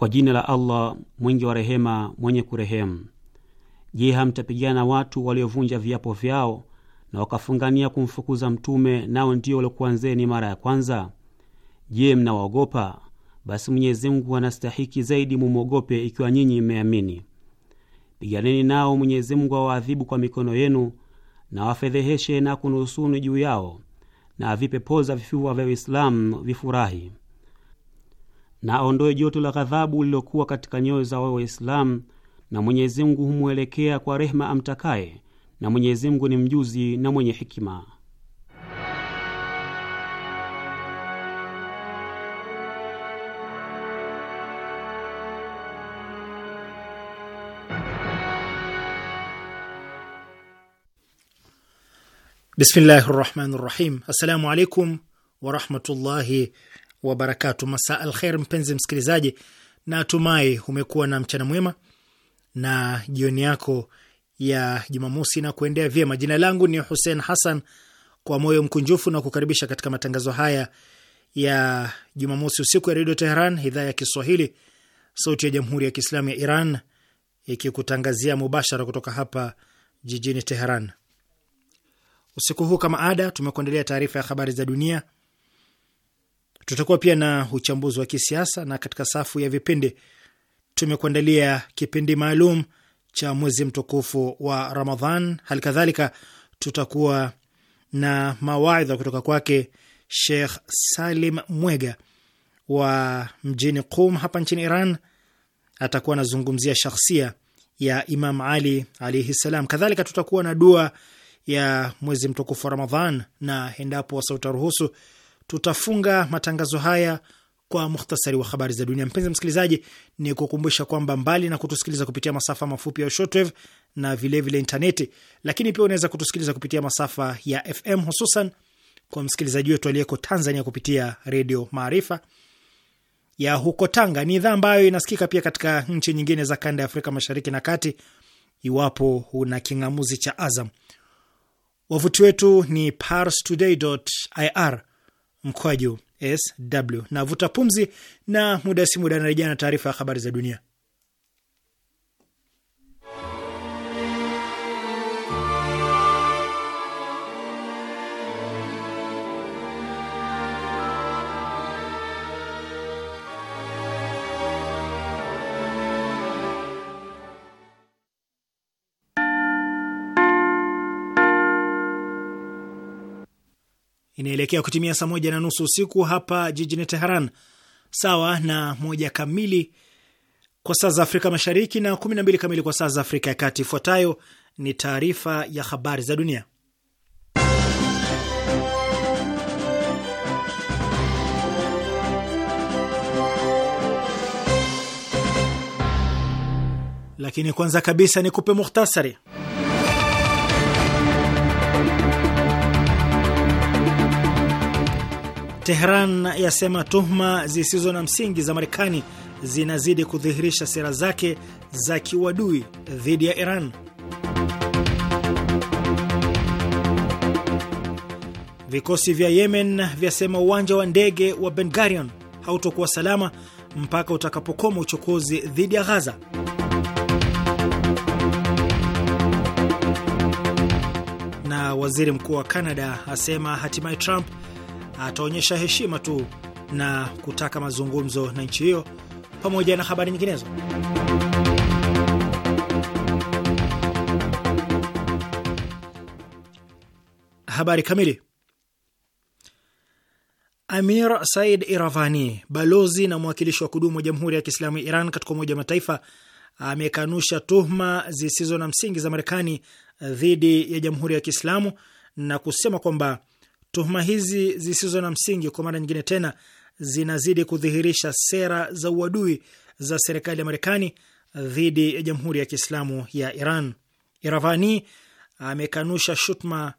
Kwa jina la Allah mwingi wa rehema, mwenye kurehemu. Je, hamtapigana watu waliovunja viapo vyao na wakafungania kumfukuza Mtume, nao ndio waliokuanzeni mara ya kwanza? Je, mnawaogopa? Basi Mwenyezi Mungu anastahiki zaidi mumwogope, ikiwa nyinyi mmeamini. Piganeni nao, Mwenyezi Mungu awaadhibu kwa mikono yenu na wafedheheshe na kunuhusuni juu yao na avipe poza vifua vya Uislamu vifurahi na aondoe joto la ghadhabu lililokuwa katika nyoyo za wao Waislamu, na Mwenyezi Mungu humwelekea kwa rehema amtakaye, na Mwenyezi Mungu ni mjuzi na mwenye hikima. Bismillahi rahmani rahim. Assalamu alaikum warahmatullahi wabarakatu. Masa al kher, mpenzi msikilizaji, na tumai umekuwa na mchana mwema na jioni yako ya Jumamosi na kuendea vyema. Jina langu ni Hussein Hassan, kwa moyo mkunjufu na kukaribisha katika matangazo haya ya Jumamosi usiku ya Redio Teheran, idhaa ya Kiswahili, sauti ya Jamhuri ya Kiislamu ya Iran, ikikutangazia mubashara kutoka hapa jijini Teheran. Usiku huu kama ada, tumekuandalia taarifa ya habari za dunia Tutakuwa pia na uchambuzi wa kisiasa, na katika safu ya vipindi tumekuandalia kipindi maalum cha mwezi mtukufu wa Ramadhan. Hali kadhalika tutakuwa na mawaidha kutoka kwake Sheikh Salim Mwega wa mjini Qum hapa nchini Iran. Atakuwa anazungumzia shakhsia ya Imam Ali alaihi ssalam. Kadhalika tutakuwa na dua ya mwezi mtukufu wa Ramadhan, na endapo wasauta ruhusu Tutafunga matangazo haya kwa muhtasari wa habari za dunia. Mpenzi msikilizaji, ni kukumbusha kwamba mbali na kutusikiliza kupitia masafa mafupi ya shortwave na vilevile intaneti, lakini pia unaweza kutusikiliza kupitia masafa ya FM, hususan kwa msikilizaji wetu aliyeko Tanzania kupitia Redio Maarifa ya huko Tanga. Ni idhaa ambayo inasikika pia katika nchi nyingine za kanda ya Afrika Mashariki na Kati, iwapo una king'amuzi cha Azam. Wavuti wetu ni parstoday.ir mkwaju sw. Navuta pumzi na muda si muda anarejea na taarifa ya habari za dunia. inaelekea kutimia saa moja na nusu usiku hapa jijini Teheran, sawa na moja kamili kwa saa za Afrika Mashariki na kumi na mbili kamili kwa saa za Afrika ya Kati. Ifuatayo ni taarifa ya habari za dunia, lakini kwanza kabisa ni kupe muhtasari Tehran yasema tuhuma zisizo na msingi za Marekani zinazidi kudhihirisha sera zake za kiuadui dhidi ya Iran. Vikosi vya Yemen vyasema uwanja wa ndege wa Bengarion hautokuwa salama mpaka utakapokoma uchokozi dhidi ya Ghaza. Na waziri mkuu wa Kanada asema hatimaye Trump ataonyesha heshima tu na kutaka mazungumzo na nchi hiyo, pamoja na habari nyinginezo. Habari kamili. Amir Said Iravani, balozi na mwakilishi wa kudumu wa Jamhuri ya Kiislamu ya Iran katika Umoja wa Mataifa, amekanusha tuhuma zisizo na msingi za Marekani dhidi ya Jamhuri ya Kiislamu na kusema kwamba Tuhuma hizi zisizo na msingi kwa mara nyingine tena zinazidi kudhihirisha sera za uadui za serikali ya Marekani dhidi ya Jamhuri ya Kiislamu ya Iran. Iravani amekanusha shutuma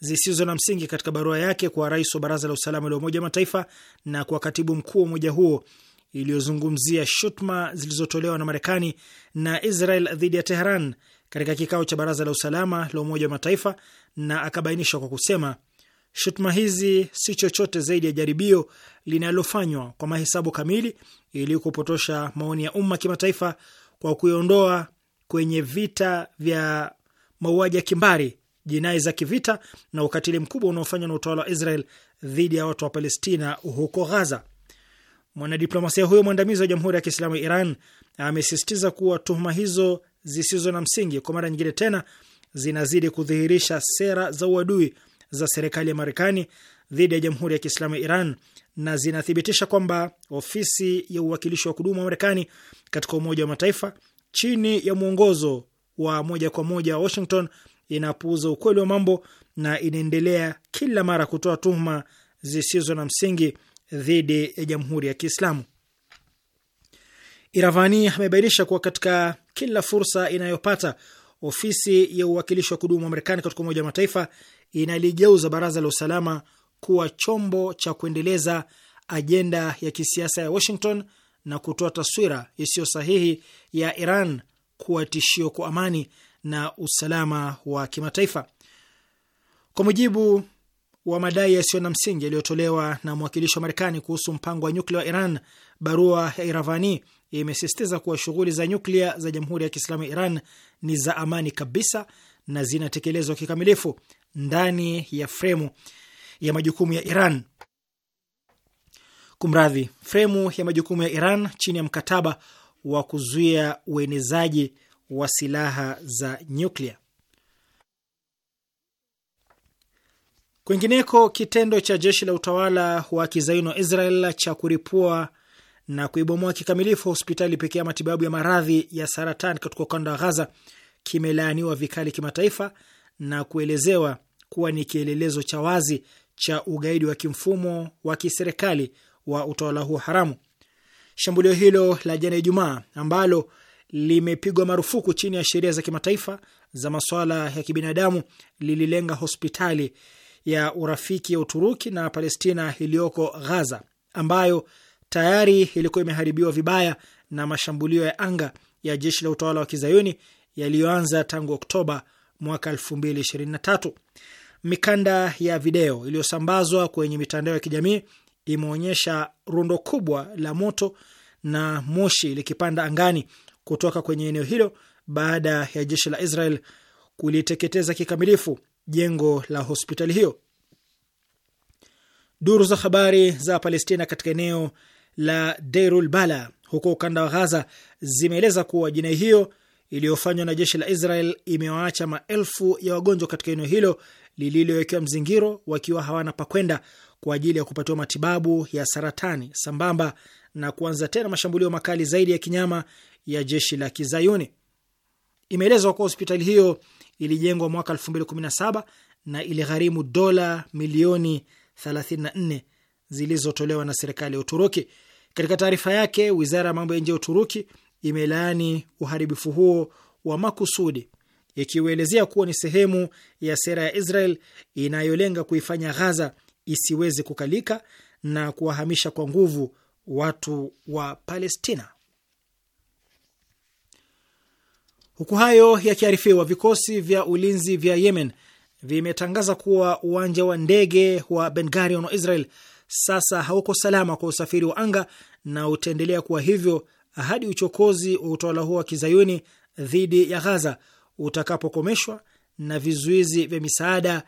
zisizo na msingi katika barua yake kwa rais wa Baraza la Usalama la Umoja wa Mataifa na kwa katibu mkuu wa umoja huo iliyozungumzia shutuma zilizotolewa na Marekani na Israel dhidi ya teheran katika kikao cha Baraza la Usalama la Umoja wa Mataifa na akabainisha kwa kusema Shutuma hizi si chochote zaidi ya jaribio linalofanywa kwa mahesabu kamili ili kupotosha maoni ya umma kimataifa kwa kuiondoa kwenye vita vya mauaji ya kimbari, jinai za kivita na ukatili mkubwa unaofanywa na utawala wa Israel dhidi ya watu wa Palestina huko Ghaza. Mwanadiplomasia huyo mwandamizi wa Jamhuri ya Kiislamu ya Iran amesisitiza kuwa tuhuma hizo zisizo na msingi kwa mara nyingine tena zinazidi kudhihirisha sera za uadui za serikali ya Marekani dhidi ya Jamhuri ya Kiislamu ya Iran na zinathibitisha kwamba ofisi ya uwakilishi wa kudumu wa Marekani katika Umoja wa Mataifa chini ya mwongozo wa moja kwa moja wa Washington inapuuza ukweli wa mambo na inaendelea kila mara kutoa tuhuma zisizo na msingi dhidi ya Jamhuri ya Kiislamu. Iravani amebainisha kuwa katika kila fursa inayopata ofisi ya uwakilishi wa kudumu wa Marekani katika Umoja wa Mataifa inaligeuza Baraza la Usalama kuwa chombo cha kuendeleza ajenda ya kisiasa ya Washington na kutoa taswira isiyo sahihi ya Iran kuwa tishio kwa amani na usalama wa kimataifa. Kwa mujibu wa madai yasiyo na msingi yaliyotolewa na mwakilishi wa Marekani kuhusu mpango wa nyuklia wa Iran, barua ya Iravani imesisitiza kuwa shughuli za nyuklia za Jamhuri ya Kiislamu ya Iran ni za amani kabisa na zinatekelezwa kikamilifu ndani ya fremu ya majukumu ya Iran. Kumradhi, fremu ya majukumu ya Iran chini ya mkataba wa kuzuia uenezaji wa silaha za nyuklia. Kwingineko, kitendo cha jeshi la utawala wa kizayuni wa Israel cha kuripua na kuibomoa kikamilifu hospitali pekee ya matibabu ya maradhi ya saratani katika ukanda wa Ghaza kimelaaniwa vikali kimataifa na kuelezewa kuwa ni kielelezo cha wazi cha ugaidi wa kimfumo wa kiserikali wa utawala huo haramu. Shambulio hilo la jana Ijumaa, ambalo limepigwa marufuku chini ya sheria za kimataifa za masuala ya kibinadamu, lililenga hospitali ya urafiki ya Uturuki na Palestina iliyoko Ghaza, ambayo tayari ilikuwa imeharibiwa vibaya na mashambulio ya anga ya jeshi la utawala wa kizayuni yaliyoanza tangu Oktoba mwaka 2023. Mikanda ya video iliyosambazwa kwenye mitandao ya kijamii imeonyesha rundo kubwa la moto na moshi likipanda angani kutoka kwenye eneo hilo baada ya jeshi la Israel kuliteketeza kikamilifu jengo la hospitali hiyo. Duru za habari za Palestina katika eneo la Deirul Bala huko ukanda wa Ghaza zimeeleza kuwa jinai hiyo iliyofanywa na jeshi la Israel imewaacha maelfu ya wagonjwa katika eneo hilo lililowekewa mzingiro wakiwa hawana pakwenda kwa ajili ya kupatiwa matibabu ya saratani sambamba na kuanza tena mashambulio makali zaidi ya kinyama ya jeshi la Kizayuni. Imeelezwa kuwa hospitali hiyo ilijengwa mwaka 2017 na iligharimu dola milioni 34 zilizotolewa na serikali ya Uturuki. Katika taarifa yake, wizara ya mambo ya nje ya Uturuki imelaani uharibifu huo wa makusudi ikiuelezea kuwa ni sehemu ya sera ya Israel inayolenga kuifanya Ghaza isiweze kukalika na kuwahamisha kwa nguvu watu wa Palestina. Huku hayo yakiarifiwa, vikosi vya ulinzi vya Yemen vimetangaza kuwa uwanja wa ndege wa Ben Gurion wa Israel sasa hauko salama kwa usafiri wa anga na utaendelea kuwa hivyo hadi uchokozi wa utawala huo wa kizayuni dhidi ya Ghaza utakapokomeshwa na vizuizi vya misaada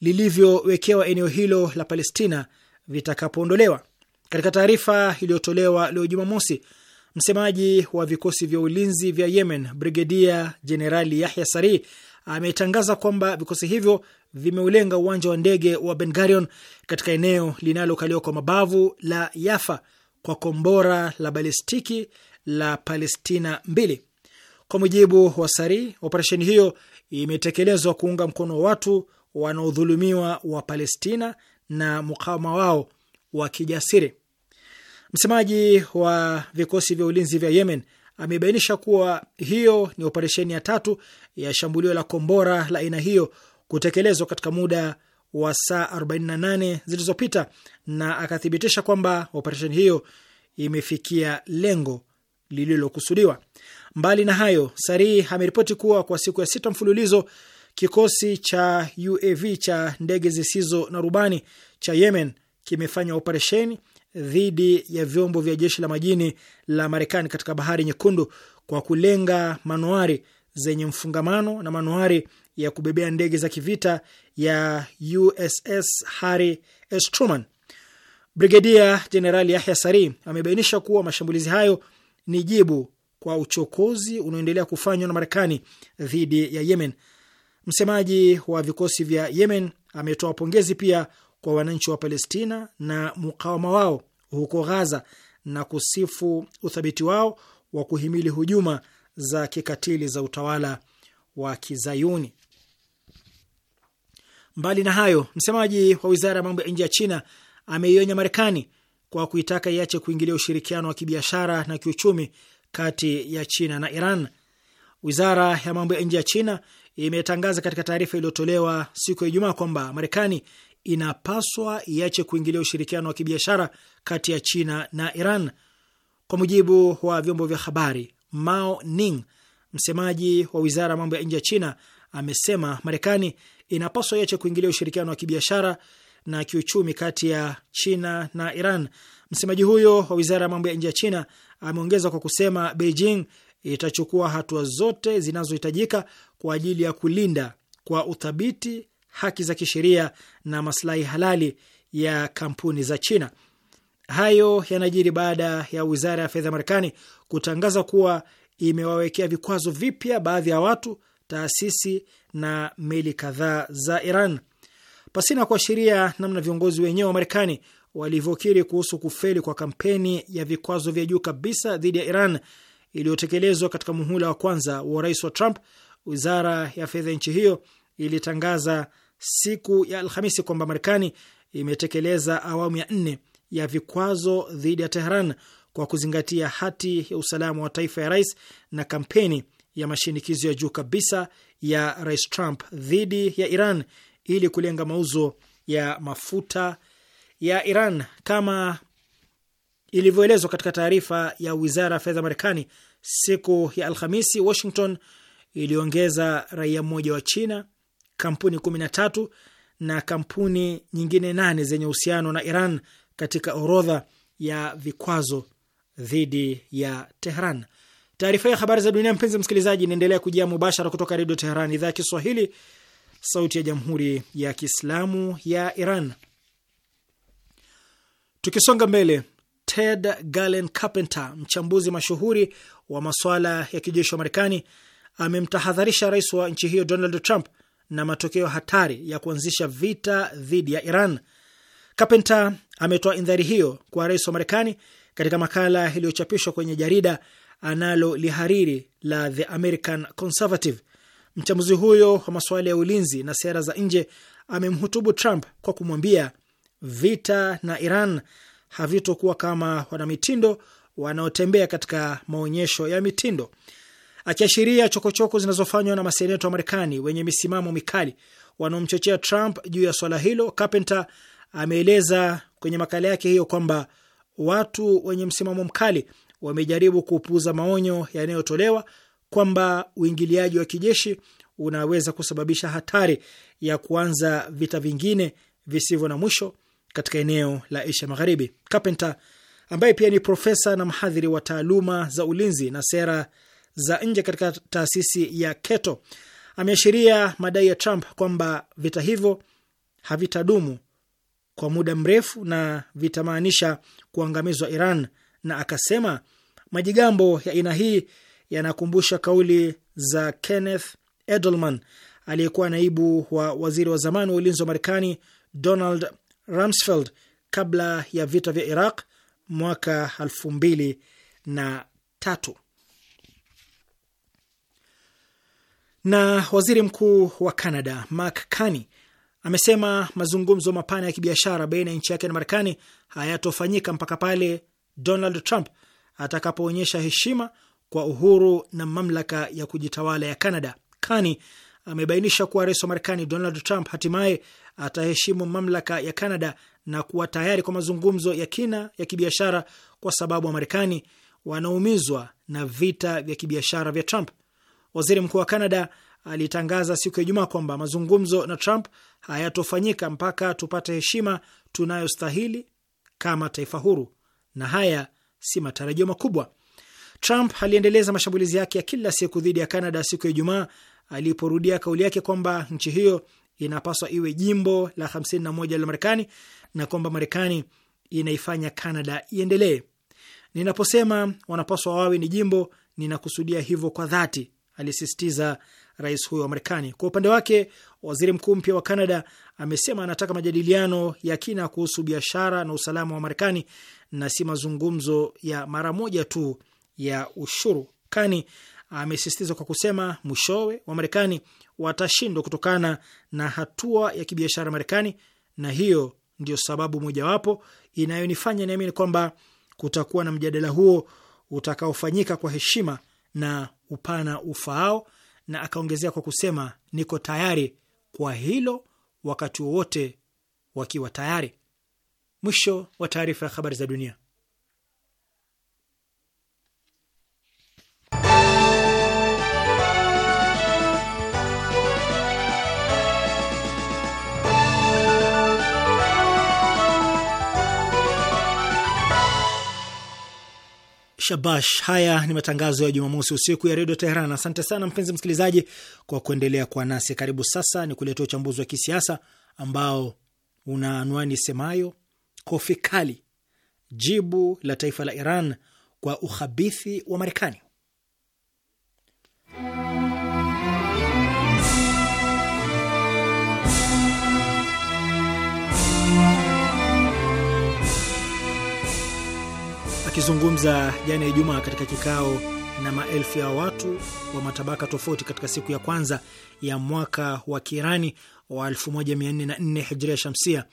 lilivyowekewa eneo hilo la Palestina vitakapoondolewa. Katika taarifa iliyotolewa leo Jumamosi, msemaji wa vikosi vya ulinzi vya Yemen, Brigedia Jenerali Yahya Sari ametangaza kwamba vikosi hivyo vimeulenga uwanja wa ndege wa Ben Gurion katika eneo linalokaliwa kwa mabavu la Yafa kwa kombora la balistiki la Palestina mbili. Kwa mujibu wa Sari, operesheni hiyo imetekelezwa kuunga mkono watu wanaodhulumiwa wa Palestina na mukawama wao wa kijasiri. Msemaji wa vikosi vya ulinzi vya Yemen amebainisha kuwa hiyo ni operesheni ya tatu ya shambulio la kombora la aina hiyo kutekelezwa katika muda wa saa 48 zilizopita na akathibitisha kwamba operesheni hiyo imefikia lengo lililokusudiwa. Mbali na hayo, Sarihi ameripoti kuwa kwa siku ya sita mfululizo kikosi cha UAV cha ndege zisizo na rubani cha Yemen kimefanya operesheni dhidi ya vyombo vya jeshi la majini la Marekani katika Bahari Nyekundu kwa kulenga manuari zenye mfungamano na manuari ya kubebea ndege za kivita ya USS Harry S. Truman. Brigedia Jenerali Yahya Sari amebainisha kuwa mashambulizi hayo ni jibu kwa uchokozi unaoendelea kufanywa na Marekani dhidi ya Yemen. Msemaji wa vikosi vya Yemen ametoa pongezi pia kwa wananchi wa Palestina na mukawama wao huko Ghaza na kusifu uthabiti wao wa kuhimili hujuma za kikatili za utawala wa Kizayuni. Mbali na hayo, msemaji wa wizara ya mambo ya nje ya China ameionya Marekani kwa kuitaka iache kuingilia ushirikiano wa kibiashara na kiuchumi kati ya China na Iran. Wizara ya mambo ya nje ya China imetangaza katika taarifa iliyotolewa siku ya Ijumaa kwamba Marekani inapaswa iache kuingilia ushirikiano wa kibiashara kati ya China na Iran. Kwa mujibu wa vyombo vya habari, Mao Ning, msemaji wa wizara ya mambo ya nje ya China, amesema Marekani inapaswa iache kuingilia ushirikiano wa kibiashara na kiuchumi kati ya China na Iran. Msemaji huyo wa wizara ya mambo ya nje ya China ameongeza kwa kusema Beijing itachukua hatua zote zinazohitajika kwa ajili ya kulinda kwa uthabiti haki za kisheria na maslahi halali ya kampuni za China. Hayo yanajiri baada ya wizara ya fedha Marekani kutangaza kuwa imewawekea vikwazo vipya baadhi ya watu taasisi na meli kadhaa za Iran, pasina kuashiria namna viongozi wenyewe wa Marekani walivyokiri kuhusu kufeli kwa kampeni ya vikwazo vya juu kabisa dhidi ya Iran iliyotekelezwa katika muhula wa kwanza wa rais wa Trump. Wizara ya fedha nchi hiyo ilitangaza siku ya Alhamisi kwamba Marekani imetekeleza awamu ya nne ya vikwazo dhidi ya teheran kwa kuzingatia hati ya usalama wa taifa ya rais na kampeni ya mashinikizo ya juu kabisa ya Rais Trump dhidi ya Iran ili kulenga mauzo ya mafuta ya Iran kama ilivyoelezwa katika taarifa ya wizara ya fedha Marekani siku ya Alhamisi. Washington iliongeza raia mmoja wa China, kampuni kumi na tatu na kampuni nyingine nane zenye uhusiano na Iran katika orodha ya vikwazo dhidi ya Tehran. Taarifa ya habari za dunia, mpenzi msikilizaji, inaendelea kujia mubashara kutoka Redio Teheran, idhaa ya Kiswahili, sauti ya Jamhuri ya Kiislamu ya Iran. Tukisonga mbele, Ted Galen Carpenter, mchambuzi mashuhuri wa maswala ya kijeshi wa Marekani, amemtahadharisha rais wa nchi hiyo Donald Trump na matokeo hatari ya kuanzisha vita dhidi ya Iran. Carpenter ametoa indhari hiyo kwa rais wa Marekani katika makala iliyochapishwa kwenye jarida analolihariri la The American Conservative. Mchambuzi huyo wa masuala ya ulinzi na sera za nje amemhutubu Trump kwa kumwambia vita na Iran havitokuwa kama wanamitindo wanaotembea katika maonyesho ya mitindo, akiashiria chokochoko zinazofanywa na maseneta wa Marekani wenye misimamo mikali wanaomchochea Trump juu ya swala hilo. Carpenter ameeleza kwenye makala yake hiyo kwamba watu wenye msimamo mkali wamejaribu kupuuza maonyo yanayotolewa kwamba uingiliaji wa kijeshi unaweza kusababisha hatari ya kuanza vita vingine visivyo na mwisho katika eneo la Asia Magharibi. Carpenter ambaye pia ni profesa na mhadhiri wa taaluma za ulinzi na sera za nje katika taasisi ya Cato ameashiria madai ya Trump kwamba vita hivyo havitadumu kwa muda mrefu na vitamaanisha kuangamizwa Iran, na akasema Majigambo ya aina hii yanakumbusha kauli za Kenneth Edelman aliyekuwa naibu wa waziri wa zamani wa ulinzi wa Marekani Donald Rumsfeld kabla ya vita vya Iraq mwaka elfu mbili na tatu. Na waziri mkuu wa Canada Mark Carney amesema mazungumzo mapana ya kibiashara baina ya nchi yake na Marekani hayatofanyika mpaka pale Donald Trump atakapoonyesha heshima kwa uhuru na mamlaka ya kujitawala ya Canada. Kani amebainisha kuwa rais wa Marekani Donald Trump hatimaye ataheshimu mamlaka ya Canada na kuwa tayari kwa mazungumzo ya kina ya kibiashara, kwa sababu Wamarekani wanaumizwa na vita vya kibiashara vya Trump. Waziri mkuu wa Canada alitangaza siku ya Ijumaa kwamba mazungumzo na Trump hayatofanyika mpaka tupate heshima tunayostahili kama taifa huru, na haya si matarajio makubwa. Trump aliendeleza mashambulizi yake ya kila siku dhidi ya Canada siku ya Ijumaa aliporudia kauli yake kwamba nchi hiyo inapaswa iwe jimbo la 51 la Marekani na kwamba Marekani inaifanya Canada iendelee. Ninaposema wanapaswa wawe ni jimbo, ninakusudia hivyo kwa dhati, alisisitiza rais huyo wa Marekani. Kwa upande wake, waziri mkuu mpya wa Canada amesema anataka majadiliano ya kina kuhusu biashara na usalama wa Marekani na si mazungumzo ya mara moja tu ya ushuru. Kani amesisitiza kwa kusema mwishowe marekani watashindwa kutokana na hatua ya kibiashara Marekani, na hiyo ndio sababu mojawapo inayonifanya niamini kwamba kutakuwa na mjadala huo utakaofanyika kwa heshima na upana ufaao, na akaongezea kwa kusema niko tayari kwa hilo wakati wowote wakiwa tayari. Mwisho wa taarifa ya habari za dunia. Shabash, haya ni matangazo ya Jumamosi usiku ya redio Teheran. Asante sana mpenzi msikilizaji kwa kuendelea kuwa nasi. Karibu sasa ni kuletea uchambuzi wa kisiasa ambao una anwani semayo kofi kali jibu la taifa la Iran kwa ukhabithi wa Marekani. Akizungumza jana ya Ijumaa katika kikao na maelfu ya watu wa matabaka tofauti katika siku ya kwanza ya mwaka wa Kiirani wa 1404 Hijria Shamsia,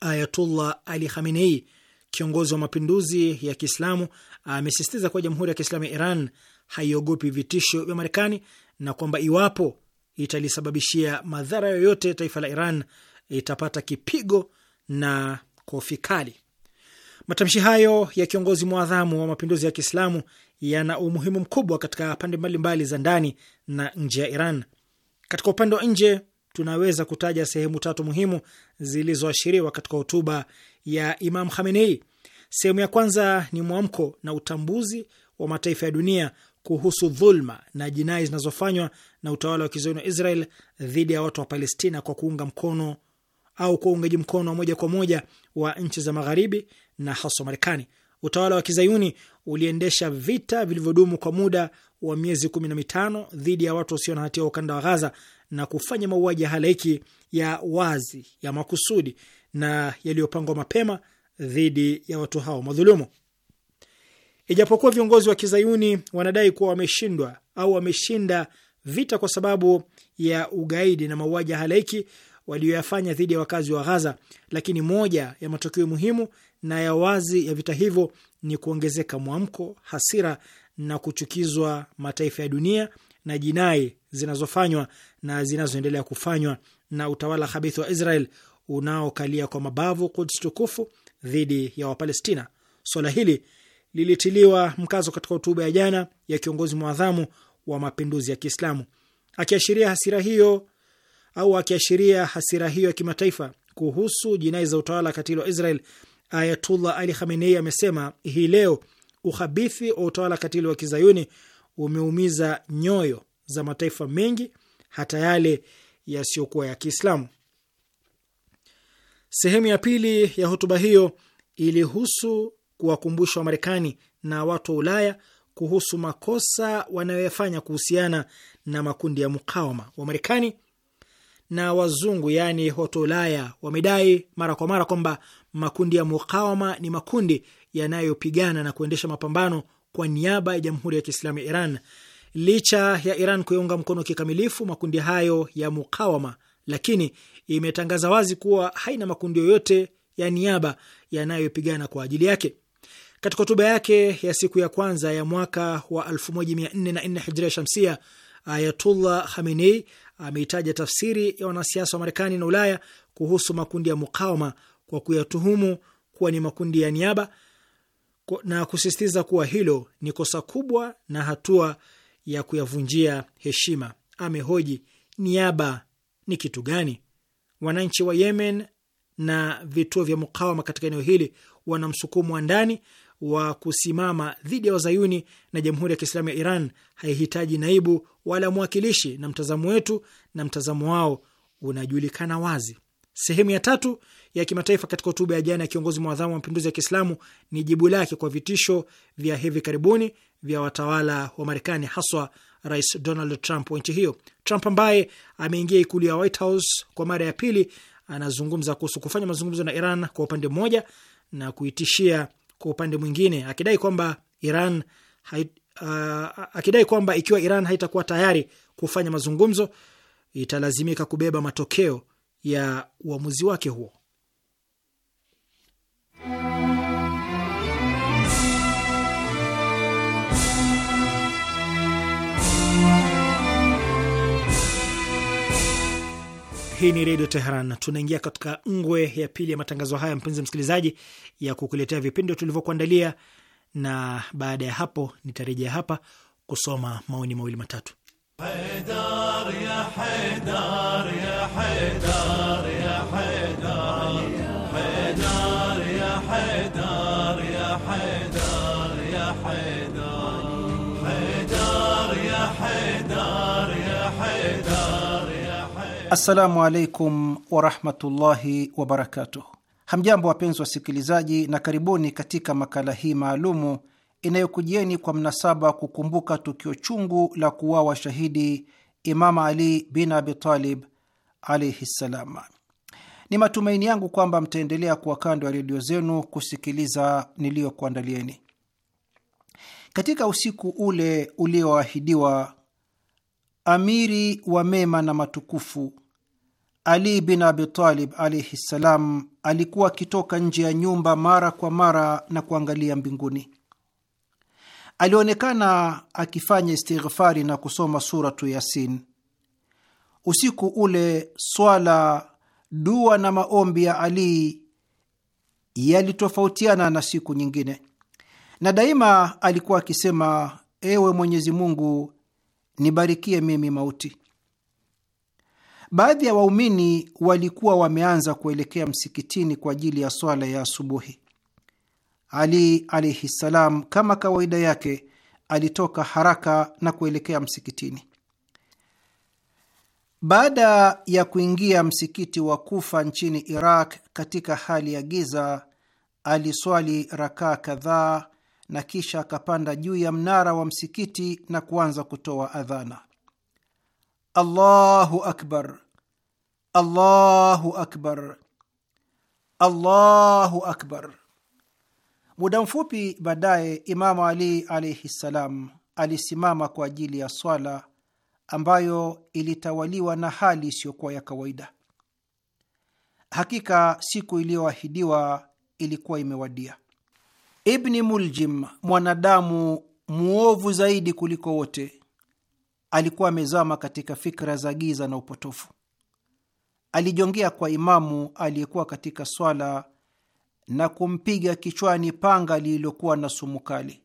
Ayatullah Ali Khamenei, kiongozi wa mapinduzi ya Kiislamu, amesisitiza kuwa jamhuri ya Kiislamu ya Iran haiogopi vitisho vya Marekani na kwamba iwapo italisababishia madhara yoyote taifa la Iran itapata kipigo na kofi kali. Matamshi hayo ya kiongozi mwadhamu wa mapinduzi ya Kiislamu yana umuhimu mkubwa katika pande mbalimbali za ndani na nje ya Iran. Katika upande wa nje, tunaweza kutaja sehemu tatu muhimu zilizoashiriwa katika hotuba ya Imam Khamenei. Sehemu ya kwanza ni mwamko na utambuzi wa mataifa ya dunia kuhusu dhulma na jinai zinazofanywa na utawala wa kizayuni wa Israel dhidi ya watu wa Palestina kwa kuunga mkono au kwa uungaji mkono wa moja kwa moja wa nchi za Magharibi na haswa Marekani. Utawala wa kizayuni uliendesha vita vilivyodumu kwa muda wa miezi kumi na mitano dhidi ya watu wasio na hatia wa ukanda wa Ghaza na kufanya mauaji ya halaiki ya wazi ya makusudi na yaliyopangwa mapema dhidi ya watu hao madhulumu. Ijapokuwa viongozi wa kizayuni wanadai kuwa wameshindwa au wameshinda vita kwa sababu ya ugaidi na mauaji ya halaiki walioyafanya dhidi ya wakazi wa Ghaza, lakini moja ya matokeo muhimu na ya wazi ya vita hivyo ni kuongezeka mwamko, hasira na kuchukizwa mataifa ya dunia na jinai zinazofanywa na zinazoendelea kufanywa na utawala habithi wa Israel unaokalia kwa mabavu Kuds tukufu dhidi ya Wapalestina. Swala hili lilitiliwa mkazo katika hotuba ya jana ya kiongozi mwadhamu wa mapinduzi ya Kiislamu, akiashiria hasira hiyo au akiashiria hasira hiyo ya kimataifa kuhusu jinai za utawala katili wa Israel. Ayatullah Ali Khamenei amesema hii leo uhabithi wa utawala katili wa kizayuni umeumiza nyoyo za mataifa mengi hata yale yasiyokuwa ya Kiislamu. Sehemu ya pili ya hotuba hiyo ilihusu kuwakumbusha Wamarekani na watu wa Ulaya kuhusu makosa wanayoyafanya kuhusiana na makundi ya mukawama. Wamarekani na wazungu, yaani watu wa Ulaya, wamedai mara kwa mara kwamba makundi ya mukawama ni makundi yanayopigana na kuendesha mapambano kwa niaba ya Jamhuri ya Kiislamu ya Iran Licha ya Iran kuyaunga mkono kikamilifu makundi hayo ya mukawama, lakini imetangaza wazi kuwa haina makundi yoyote ya niaba yanayopigana kwa ajili yake. Katika hotuba yake ya siku ya kwanza ya mwaka wa 1404 hijria shamsia, Ayatullah Khamenei ameitaja tafsiri ya wanasiasa wa Marekani na Ulaya kuhusu makundi ya mukawama kwa kuyatuhumu kuwa ni makundi ya niaba na kusisitiza kuwa hilo ni kosa kubwa na hatua ya kuyavunjia heshima. Amehoji niaba ni kitu gani? Wananchi wa Yemen na vituo vya mukawama katika eneo hili wana msukumo wa ndani wa kusimama dhidi ya wazayuni na Jamhuri ya Kiislamu ya Iran haihitaji naibu wala mwakilishi, na mtazamo wetu na mtazamo wao unajulikana wazi. Sehemu ya tatu ya kimataifa katika hotuba ya jana ya kiongozi mwadhamu wa mapinduzi ya Kiislamu ni jibu lake kwa vitisho vya hivi karibuni vya watawala wa Marekani, haswa Rais Donald Trump wa nchi hiyo. Trump ambaye ameingia ikulu ya White House kwa mara ya pili anazungumza kuhusu kufanya mazungumzo na Iran kwa upande mmoja na kuitishia kwa upande mwingine, akidai kwamba Iran hai, uh, akidai kwamba ikiwa Iran haitakuwa tayari kufanya mazungumzo italazimika kubeba matokeo ya uamuzi wake huo. Hii ni Redio Teheran. Tunaingia katika ngwe ya pili ya matangazo haya, mpenzi msikilizaji, ya kukuletea vipindi tulivyokuandalia, na baada ya hapo nitarejea hapa kusoma maoni mawili matatu. Assalamu alaikum warahmatullahi wabarakatuh. Hamjambo, wapenzi wasikilizaji, na karibuni katika makala hii maalumu inayokujieni kwa mnasaba kukumbuka tukio chungu la kuuawa shahidi Imam Ali bin Abi Talib alaihi ssalam. Ni matumaini yangu kwamba mtaendelea kuwa kando ya redio zenu kusikiliza niliyokuandalieni katika usiku ule ulioahidiwa. Amiri wa mema na matukufu Ali bin Abi Talib alaihi ssalam alikuwa akitoka nje ya nyumba mara kwa mara na kuangalia mbinguni alionekana akifanya istighfari na kusoma Suratu Yasin. Usiku ule swala, dua na maombi ya Ali yalitofautiana na siku nyingine, na daima alikuwa akisema, ewe Mwenyezi Mungu, nibarikie mimi mauti. Baadhi ya waumini walikuwa wameanza kuelekea msikitini kwa ajili ya swala ya asubuhi. Ali alaihi ssalam, kama kawaida yake, alitoka haraka na kuelekea msikitini. Baada ya kuingia msikiti wa Kufa nchini Iraq katika hali ya giza, aliswali rakaa kadhaa na kisha akapanda juu ya mnara wa msikiti na kuanza kutoa adhana, Allahu akbar, Allahu akbar, Allahu akbar. Muda mfupi baadaye, Imamu Ali alaihi ssalam alisimama kwa ajili ya swala ambayo ilitawaliwa na hali isiyokuwa ya kawaida. Hakika siku iliyoahidiwa ilikuwa imewadia. Ibni Muljim, mwanadamu mwovu zaidi kuliko wote, alikuwa amezama katika fikra za giza na upotofu. Alijongea kwa imamu aliyekuwa katika swala na kumpiga kichwani panga lililokuwa na sumu kali.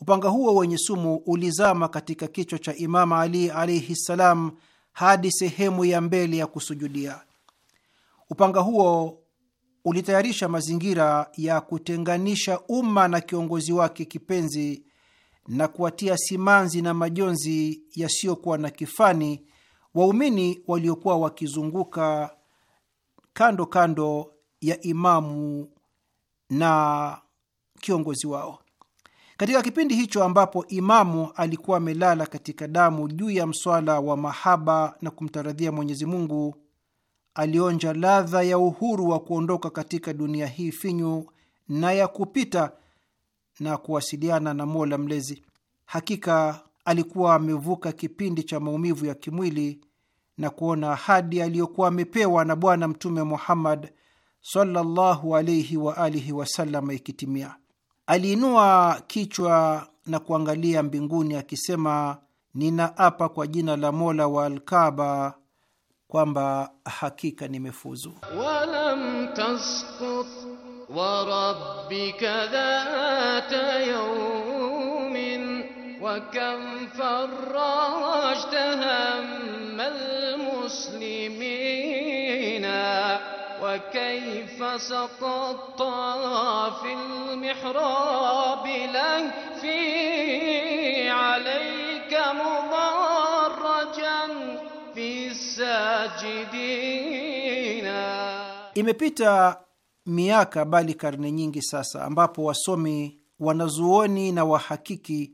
Upanga huo wenye sumu ulizama katika kichwa cha Imamu Ali alaihi ssalam hadi sehemu ya mbele ya kusujudia. Upanga huo ulitayarisha mazingira ya kutenganisha umma na kiongozi wake kipenzi na kuwatia simanzi na majonzi yasiyokuwa na kifani waumini waliokuwa wakizunguka kando kando ya imamu na kiongozi wao. Katika kipindi hicho ambapo imamu alikuwa amelala katika damu juu ya mswala wa mahaba na kumtaradhia Mwenyezi Mungu, alionja ladha ya uhuru wa kuondoka katika dunia hii finyu na ya kupita na kuwasiliana na Mola Mlezi. Hakika alikuwa amevuka kipindi cha maumivu ya kimwili na kuona ahadi aliyokuwa amepewa na Bwana Mtume Muhammad sallallahu alayhi wa alihi wasallam ikitimia, aliinua kichwa na kuangalia mbinguni akisema, ninaapa kwa jina la Mola wa Alkaba kwamba hakika nimefuzu. walam tasqut wa rabbika dhata yawmin wa kam farajta hammal muslimina وكيف سقط في المحراب له في عليك مضرجا في الساجدين imepita miaka bali karne nyingi sasa ambapo wasomi wanazuoni na wahakiki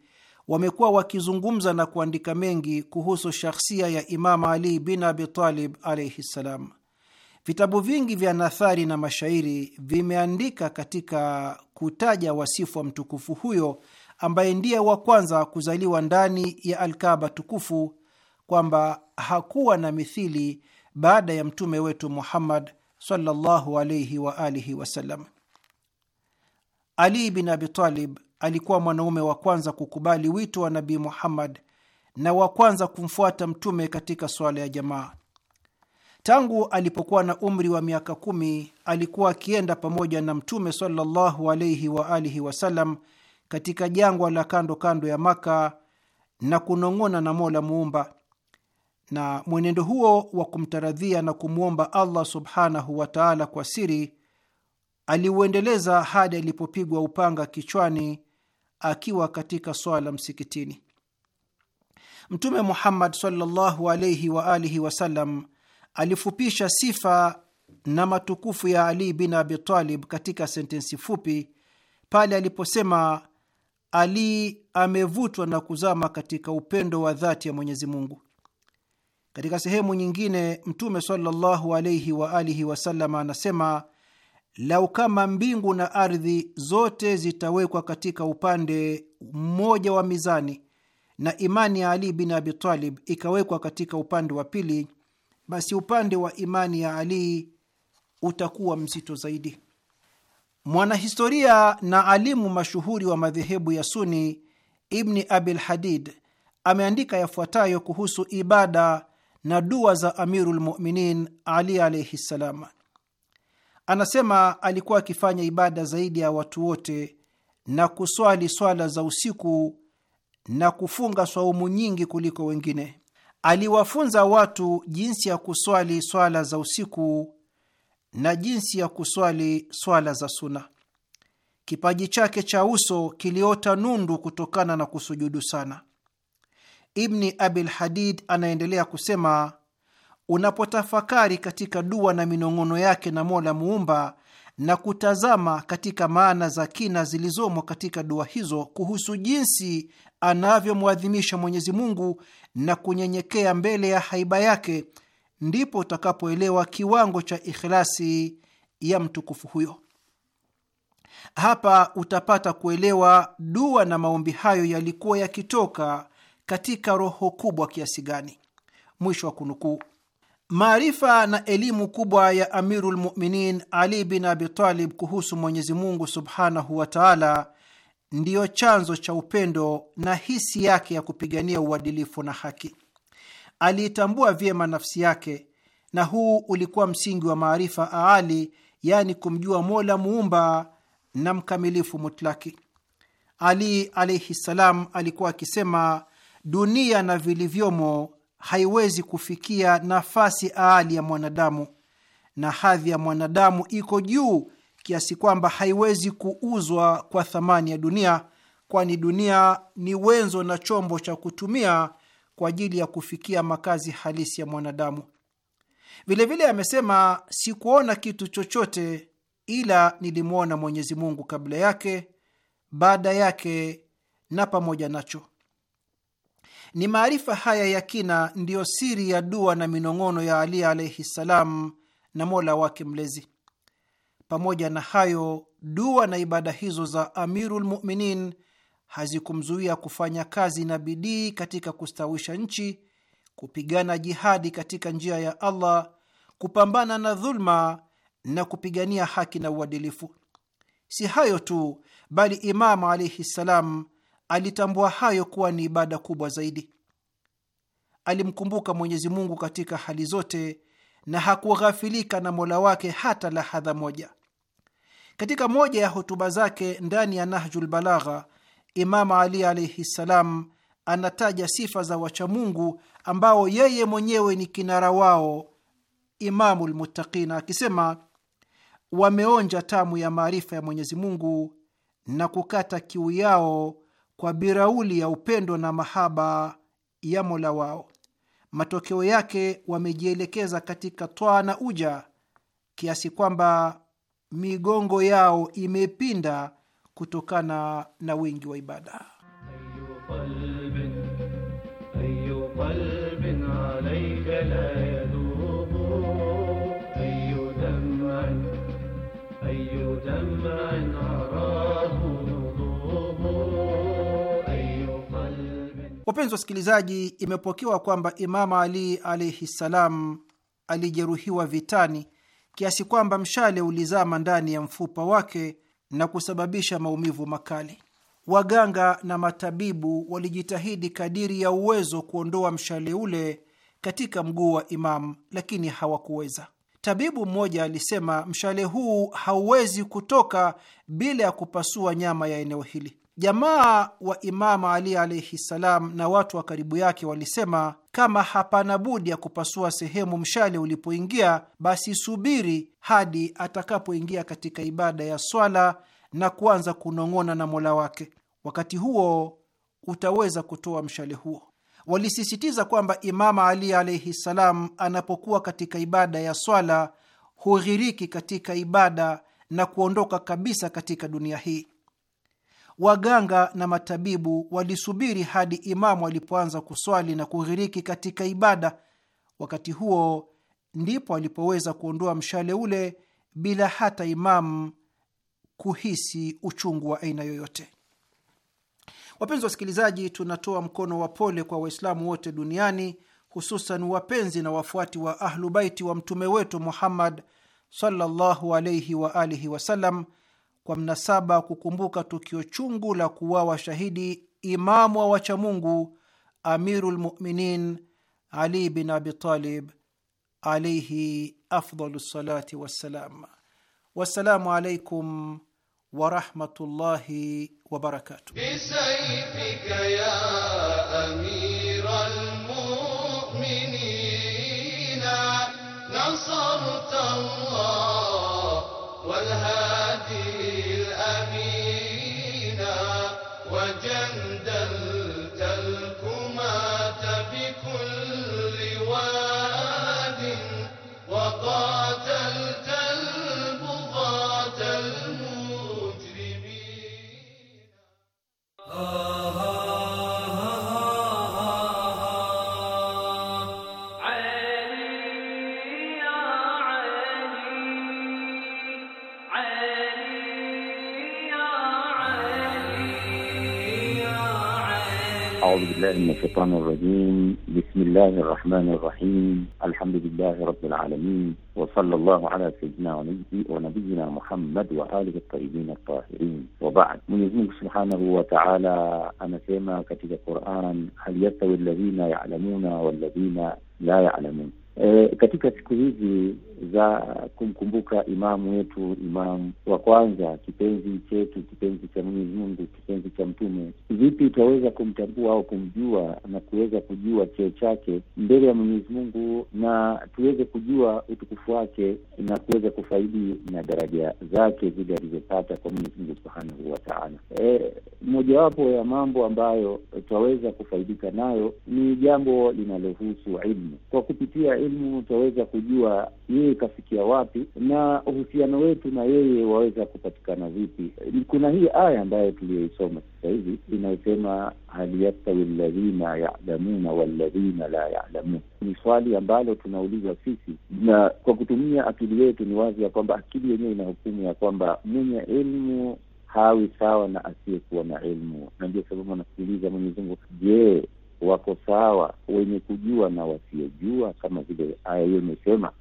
wamekuwa wakizungumza na kuandika mengi kuhusu shakhsia ya Imam Ali bin Abi Talib alaihi ssalam. Vitabu vingi vya nathari na mashairi vimeandika katika kutaja wasifu wa mtukufu huyo ambaye ndiye wa kwanza kuzaliwa ndani ya Alkaba tukufu kwamba hakuwa na mithili baada ya mtume wetu Muhammad sallallahu alayhi wa alihi wasallam. Ali bin Abi Talib alikuwa mwanaume wa kwanza kukubali wito wa Nabii Muhammad na wa kwanza kumfuata mtume katika swala ya jamaa. Tangu alipokuwa na umri wa miaka kumi alikuwa akienda pamoja na Mtume sallallahu alaihi wa alihi wasallam katika jangwa la kando kando ya Maka na kunong'ona na Mola Muumba, na mwenendo huo wa kumtaradhia na kumwomba Allah subhanahu wa taala kwa siri aliuendeleza hadi alipopigwa upanga kichwani akiwa katika swala msikitini. Mtume Muhammad sallallahu alaihi wa alihi wasallam alifupisha sifa na matukufu ya Ali bin Abi Talib katika sentensi fupi pale aliposema Ali amevutwa na kuzama katika upendo wa dhati ya Mwenyezi Mungu. Katika sehemu nyingine, Mtume sallallahu alaihi wa alihi wasallam anasema lau kama mbingu na ardhi zote zitawekwa katika upande mmoja wa mizani na imani ya Ali bin Abi Talib ikawekwa katika upande wa pili, basi upande wa imani ya Ali utakuwa mzito zaidi. Mwanahistoria na alimu mashuhuri wa madhehebu ya Suni Ibni Abil Hadid ameandika yafuatayo kuhusu ibada na dua za Amirul Muminin Ali alaihi ssalam. Anasema alikuwa akifanya ibada zaidi ya watu wote na kuswali swala za usiku na kufunga swaumu nyingi kuliko wengine aliwafunza watu jinsi ya kuswali swala za usiku na jinsi ya kuswali swala za suna. Kipaji chake cha uso kiliota nundu kutokana na kusujudu sana. Ibni Abil Hadid anaendelea kusema, unapotafakari katika dua na minong'ono yake na Mola Muumba na kutazama katika maana za kina zilizomo katika dua hizo kuhusu jinsi anavyomwadhimisha Mwenyezi Mungu na kunyenyekea mbele ya haiba yake, ndipo utakapoelewa kiwango cha ikhlasi ya mtukufu huyo. Hapa utapata kuelewa dua na maombi hayo yalikuwa yakitoka katika roho kubwa kiasi gani. Mwisho wa kunukuu. Maarifa na elimu kubwa ya Amirul Muminin Ali bin Abitalib kuhusu Mwenyezi Mungu subhanahu wa taala ndiyo chanzo cha upendo na hisi yake ya kupigania uadilifu na haki. Aliitambua vyema nafsi yake, na huu ulikuwa msingi wa maarifa aali, yaani kumjua Mola muumba na mkamilifu mutlaki. Ali alaihi ssalam alikuwa akisema, dunia na vilivyomo haiwezi kufikia nafasi aali ya mwanadamu, na hadhi ya mwanadamu iko juu kiasi kwamba haiwezi kuuzwa kwa thamani ya dunia, kwani dunia ni wenzo na chombo cha kutumia kwa ajili ya kufikia makazi halisi ya mwanadamu. Vilevile amesema, sikuona kitu chochote ila nilimwona Mwenyezi Mungu kabla yake, baada yake na pamoja nacho. Ni maarifa haya ya kina ndiyo siri ya dua na minong'ono ya Ali alaihi ssalam na mola wake mlezi. Pamoja na hayo, dua na ibada hizo za Amirul Muminin hazikumzuia kufanya kazi na bidii katika kustawisha nchi, kupigana jihadi katika njia ya Allah, kupambana na dhulma na kupigania haki na uadilifu. Si hayo tu, bali Imamu alaihi ssalam alitambua hayo kuwa ni ibada kubwa zaidi. Alimkumbuka Mwenyezi Mungu katika hali zote na hakughafilika na mola wake hata lahadha moja. Katika moja ya hotuba zake ndani ya Nahjul Balagha, Imamu Ali alaihi ssalam anataja sifa za wachamungu ambao yeye mwenyewe ni kinara wao, Imamu lmuttaqina, akisema wameonja tamu ya maarifa ya Mwenyezi Mungu na kukata kiu yao kwa birauli ya upendo na mahaba ya Mola wao. Matokeo yake wamejielekeza katika twaa na uja kiasi kwamba migongo yao imepinda kutokana na wingi wa ibada. Ayu qalbin, ayu qalbin Wapenzi wasikilizaji, imepokewa kwamba Imamu Ali alaihi ssalam alijeruhiwa vitani kiasi kwamba mshale ulizama ndani ya mfupa wake na kusababisha maumivu makali. Waganga na matabibu walijitahidi kadiri ya uwezo kuondoa mshale ule katika mguu wa Imamu, lakini hawakuweza. Tabibu mmoja alisema, mshale huu hauwezi kutoka bila ya kupasua nyama ya eneo hili. Jamaa wa Imamu Ali alaihi ssalam na watu wa karibu yake walisema, kama hapana budi ya kupasua sehemu mshale ulipoingia, basi subiri hadi atakapoingia katika ibada ya swala na kuanza kunong'ona na Mola wake. Wakati huo utaweza kutoa mshale huo. Walisisitiza kwamba Imamu Ali alaihi ssalam anapokuwa katika ibada ya swala hughiriki katika ibada na kuondoka kabisa katika dunia hii waganga na matabibu walisubiri hadi imamu alipoanza kuswali na kughiriki katika ibada. Wakati huo ndipo alipoweza kuondoa mshale ule bila hata imamu kuhisi uchungu wa aina yoyote. Wapenzi wasikilizaji, tunatoa mkono wa pole kwa Waislamu wote duniani, hususan wapenzi na wafuati wa Ahlubaiti wa mtume wetu Muhammad sallallahu alaihi wa alihi wasallam kwa mnasaba kukumbuka tukio chungu la kuwawa shahidi imamu wa wachamungu Amiru lmuminin Ali bin Abitalib alaihi afdalu salati wassalam. Wassalamu alaikum warahmatullahi wabarakatuh. نصرت Allah والهادي الله من الشيطان الرجيم بسم الله الرحمن الرحيم الحمد لله رب العالمين وصلى الله على سيدنا ونبينا محمد وآله الطيبين الطاهرين وبعد من يزمك سبحانه وتعالى أنا سيما كتب القرآن هل يستوي الذين يعلمون والذين لا يعلمون أه، كتب سكوهيزي za kumkumbuka imamu wetu, imamu wa kwanza, kipenzi chetu, kipenzi cha Mwenyezi Mungu, kipenzi cha Mtume. Vipi utaweza kumtambua au kumjua na kuweza kujua cheo chake mbele ya Mwenyezi Mungu na tuweze kujua utukufu wake na kuweza kufaidi na daraja zake zile alizopata kwa Mwenyezi Mungu subhanahu wa taala. E, mojawapo ya mambo ambayo twaweza kufaidika nayo ni jambo linalohusu ilmu. Kwa kupitia ilmu utaweza kujua ye yeye ikafikia wapi na uhusiano wetu na yeye waweza kupatikana vipi. Kuna hii aya ambayo tuliyoisoma sasa hivi inayosema hal yastawi lladhina yalamuna walladhina la yalamun. Ni swali ambalo tunaulizwa sisi, na kwa kutumia akili yetu ni wazi ya kwamba akili yenyewe ina hukumu ya kwamba mwenye elimu hawi sawa na asiyekuwa na elimu, na ndio sababu anasikiliza Mwenyezi Mungu, je, wako sawa wenye kujua na wasiojua? Kama vile aya hiyo imesema,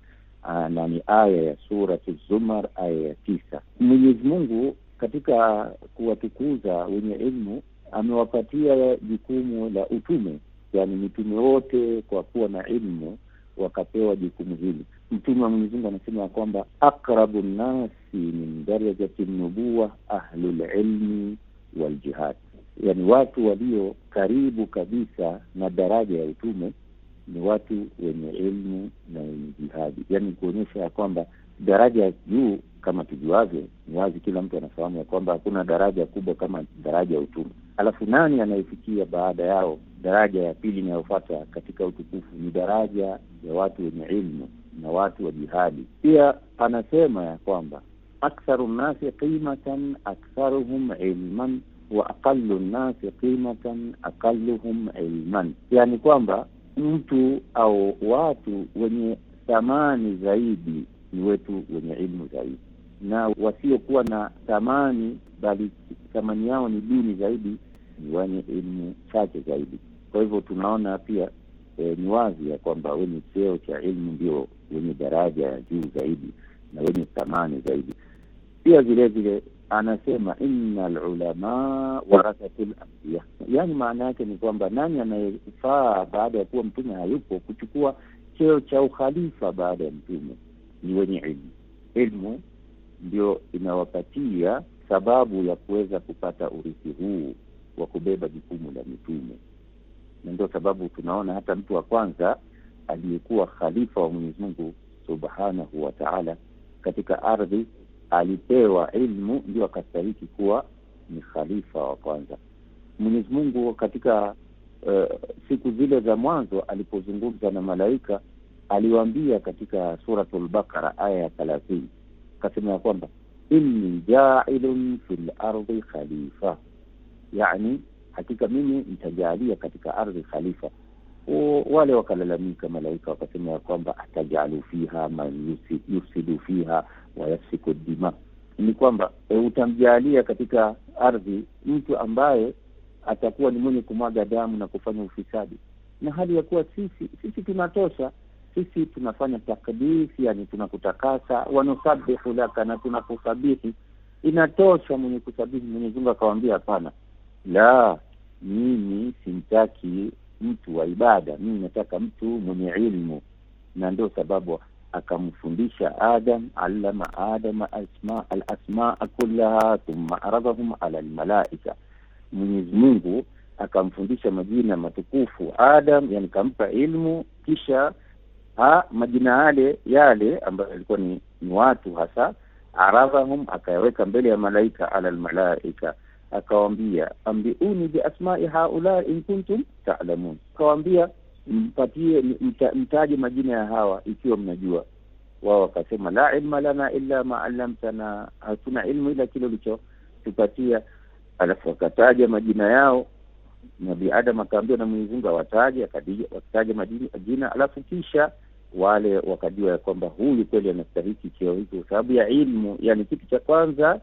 Ah, na ni aya ya surat Zumar, aya ya tisa. Mwenyezi Mungu katika kuwatukuza wenye ilmu amewapatia jukumu la utume, yani mitume wote kwa kuwa na ilmu wakapewa jukumu hili. Mtume wa Mwenyezi Mungu anasema ya kwamba akrabu nnasi min darajati nubuwa ahlulilmi waljihad, yani watu walio karibu kabisa na daraja ya utume ni watu wenye elimu na wenye jihadi, yaani kuonyesha ya kwamba daraja ya juu kama tujuavyo, ni wazi, kila mtu anafahamu ya kwamba hakuna daraja kubwa kama daraja ya utume. Alafu nani anayefikia baada yao? Daraja ya pili inayofata katika utukufu ni daraja ya watu wenye ilmu na watu wa jihadi. Pia anasema ya kwamba aktharu nnasi qimatan aktharuhum ilman wa aqalu nnasi qimatan aqaluhum ilman, yani kwamba mtu au watu wenye thamani zaidi ni wetu wenye ilmu zaidi, na wasiokuwa na thamani bali thamani yao ni duni zaidi ni wenye ilmu chache zaidi. Kwa hivyo tunaona pia e, ni wazi ya kwamba wenye cheo cha ilmu ndio wenye daraja ya juu zaidi na wenye thamani zaidi. Pia vilevile anasema inna lulama warathatu lambia, yaani maana yake ni kwamba nani anayefaa baada ya kuwa mtume hayupo kuchukua cheo cha ukhalifa baada ya mtume? Ni wenye ilmu. Ilmu ndio inawapatia sababu ya kuweza kupata urithi huu wa kubeba jukumu la mitume, na ndio sababu tunaona hata mtu wa kwanza aliyekuwa khalifa wa Mwenyezi Mungu subhanahu wa taala katika ardhi alipewa ilmu ndio akastahiki kuwa ni khalifa wa kwanza. Mwenyezi Mungu katika uh, siku zile za mwanzo alipozungumza na malaika aliwaambia katika suratu lbakara aya ya thalathini akasema ya kwamba inni jailun fi lardhi khalifa, yani hakika mimi nitajaalia katika ardhi khalifa. O, wale wakalalamika malaika wakasema ya kwamba atajalu fiha man yufsidu fiha wayasikudima dima, ni kwamba e, eh, utamjaalia katika ardhi mtu ambaye atakuwa ni mwenye kumwaga damu na kufanya ufisadi, na hali ya kuwa sisi sisi tunatosha, sisi tunafanya takdisi, yani tunakutakasa, wanusabihu laka, na tunakusabihi inatosha mwenye kusabihi Mwenyezi akawambia Akawaambia hapana, la, mimi simtaki mtu wa ibada, mimi nataka mtu mwenye ilmu, na ndio sababu akamfundisha Adam, allama Adama alasmaa kullaha thumma aradhahum ala almalaika, Mwenyezi Mungu akamfundisha majina matukufu Adam, yani kampa ilmu kisha ha, majina yale yale ambayo yalikuwa ni, ni watu hasa, aradhahum akayaweka mbele ya malaika, ala almalaika akawambia ambiuni biasmai haulai in kuntum ta'lamun, akawambia mpatie mtaje majina ya hawa ikiwa mnajua. Wao wakasema la ilma lana illa ma alamtana hatuna ilmu ila kile ulichotupatia. Alafu wakataja majina yao. nabi Adam akaambiwa na Mwenyezi awataje, wakataja majina, alafu kisha wale wakajua ya kwamba huyu kweli anastahiki cheo hiki kwa sababu ya ilmu. Yani kitu cha kwanza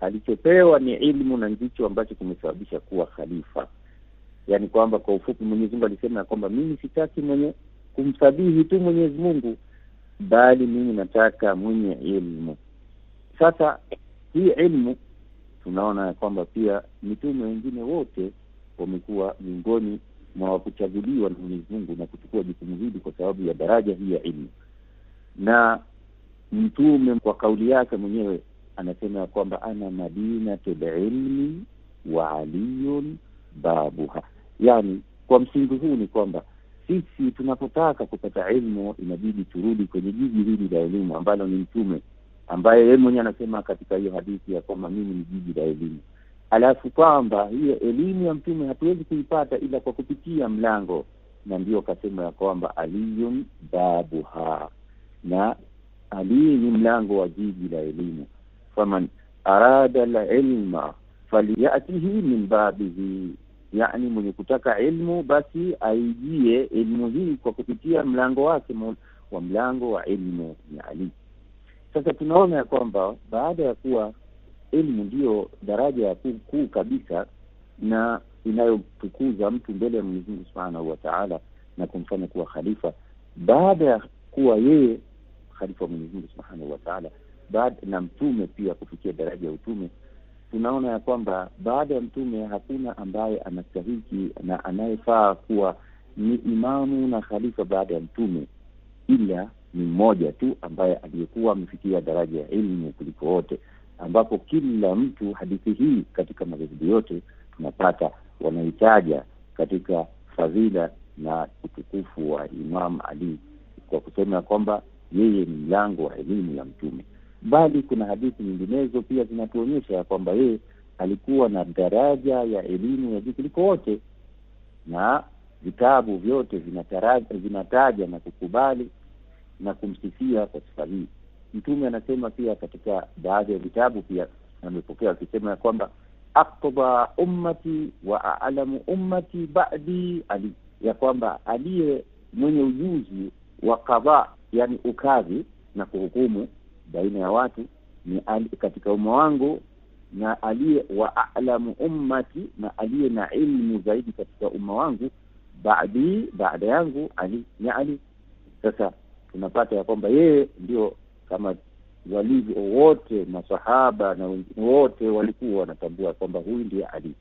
alichopewa ni ilmu, na ndicho ambacho kimesababisha kuwa khalifa yaani kwamba kwa ufupi Mwenyezi Mungu alisema ya kwamba mimi sitaki mwenye kumsabihi tu Mwenyezi Mungu, bali mimi nataka mwenye ilmu. Sasa hii ilmu tunaona ya kwamba pia mitume wengine wote wamekuwa miongoni mwa wakuchaguliwa na Mwenyezi Mungu na kuchukua jukumu hili kwa sababu ya daraja hii ya ilmu. Na mtume kwa kauli yake mwenyewe anasema ya kwamba ana madinatul ilmi wa aliyun babuha Yani kwa msingi huu ni kwamba sisi tunapotaka kupata elimu inabidi turudi kwenye jiji hili la elimu ambalo ni Mtume, ambaye yeye mwenyewe anasema katika hiyo hadithi ya kwamba mimi ni jiji la elimu, alafu kwamba hiyo elimu ya Mtume hatuwezi kuipata ila kwa kupitia mlango, na ndiyo akasema ya kwamba aliyun babuha, na aliye ni mlango wa jiji la elimu, faman arada la ilma faliyatihi min babihi yani mwenye kutaka ilmu basi aijie elimu hii kwa kupitia mlango wake wa mlango wa elimu ya Ali. Sasa tunaona ya kwamba baada ya kuwa elimu ndiyo daraja ya kuu kabisa na inayotukuza mtu mbele ya Mwenyezi Subhanahu wa Ta'ala na kumfanya kuwa khalifa, baada ya kuwa yeye khalifa wa mwenyezimungu Subhanahu wa Ta'ala, na mtume pia kufikia daraja ya utume tunaona ya kwamba baada ya mtume hakuna ambaye anastahiki na anayefaa kuwa ni imamu na khalifa baada ya mtume ila ni mmoja tu ambaye aliyekuwa amefikia daraja ya elimu kuliko wote, ambapo kila mtu, hadithi hii katika madhehebu yote tunapata wanahitaja katika fadhila na utukufu wa Imam Ali kwa kusema kwamba yeye ni mlango wa elimu ya Mtume bali kuna hadithi nyinginezo pia zinatuonyesha ya kwamba yeye alikuwa na daraja ya elimu ya juu kuliko wote, na vitabu vyote vinataja na kukubali na kumsifia kwa sifa hii. Mtume anasema pia katika baadhi ya vitabu pia amepokea akisema ya kwamba aktoba ummati wa alamu ummati badi ali, ya kwamba aliye mwenye ujuzi wa kadhaa, yani ukadhi na kuhukumu baina ya watu ni ali, katika umma wangu na aliye wa alamu ummati, na aliye na ilmu zaidi katika umma wangu baadi, baada yangu Ali ni Ali. Sasa tunapata ya kwamba yeye ndio kama walivyo wote masahaba na wengine wote walikuwa wanatambua kwamba huyu ndiye Ali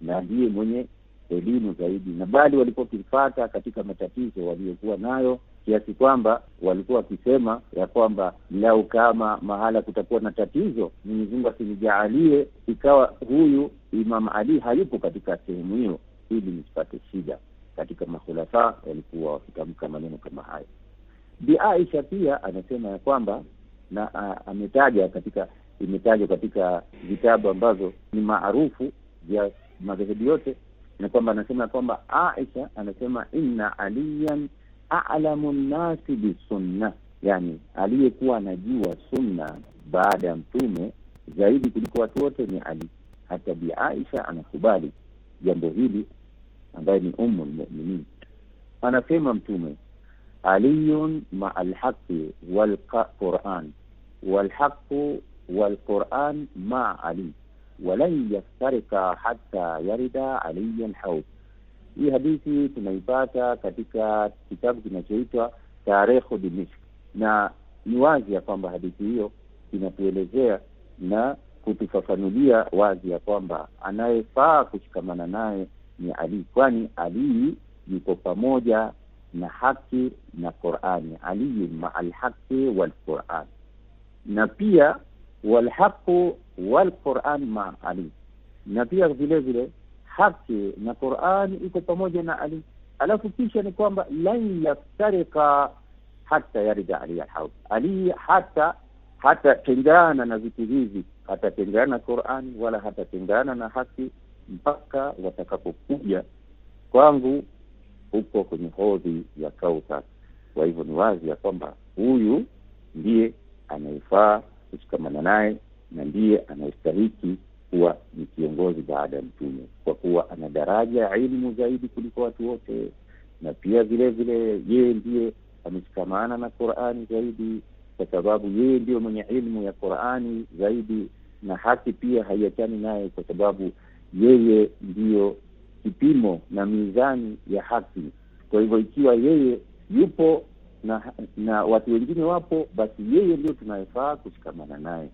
na ndiye mwenye elimu zaidi, na bali walikuwa katika matatizo waliokuwa nayo kiasi kwamba walikuwa wakisema ya kwamba lau kama mahala kutakuwa na tatizo, Mwenyezi Mungu asijaalie ikawa huyu Imam Ali hayupo katika sehemu hiyo, ili nisipate shida. Katika makhulafa walikuwa wakitamka maneno kama hayo. Bi Aisha pia anasema ya kwamba na ametaja katika imetajwa katika vitabu ambazo ni maarufu vya madhehebu yote, na kwamba anasema ya kwamba Aisha anasema inna aliyan alamu nnasi bisunna, yani aliyekuwa anajua sunna baada ya mtume zaidi kuliko watu wote ni Ali. Hata Bi Aisha anakubali jambo hili, ambaye ni ummu lmuminin. Anasema mtume aliyun maa alhaqi walquran walhaqu walquran maa ali walan yaftarika hata yarida aliyan haut hii hadithi tunaipata katika kitabu kinachoitwa Tarekhu Dimishk, na ni wazi ya kwamba hadithi hiyo inatuelezea na kutufafanulia wazi ya kwamba anayefaa kushikamana naye ni Ali, kwani Ali yuko pamoja na haki na Qurani, aliyu maa lhaqi walquran, na pia walhaqu walquran maa Ali, na pia vilevile vile haki na Qur'ani iko pamoja na Ali. Alafu kisha ni kwamba lan yaftarika hata yarja Ali alhaud Ali hata hatatengana na vitu hivi, hatatengana Qur'ani wala hatatengana na haki mpaka watakapokuja kwangu huko kwenye hodhi ya Kauthar. Kwa hivyo ni wazi ya kwamba huyu ndiye anayefaa kushikamana naye na ndiye anayestahiki kuwa ni kiongozi baada ya Mtume, kwa kuwa ana daraja ya ilmu zaidi kuliko watu wote, na pia vile vile yeye ndiye ameshikamana na Qurani zaidi, kwa sababu yeye ndiyo mwenye ilmu ya Qurani zaidi, na haki pia haiachani naye, kwa sababu yeye ndiyo kipimo na mizani ya haki. Kwa hivyo ikiwa yeye yupo na na watu wengine wapo, basi yeye ndio tunayefaa kushikamana naye.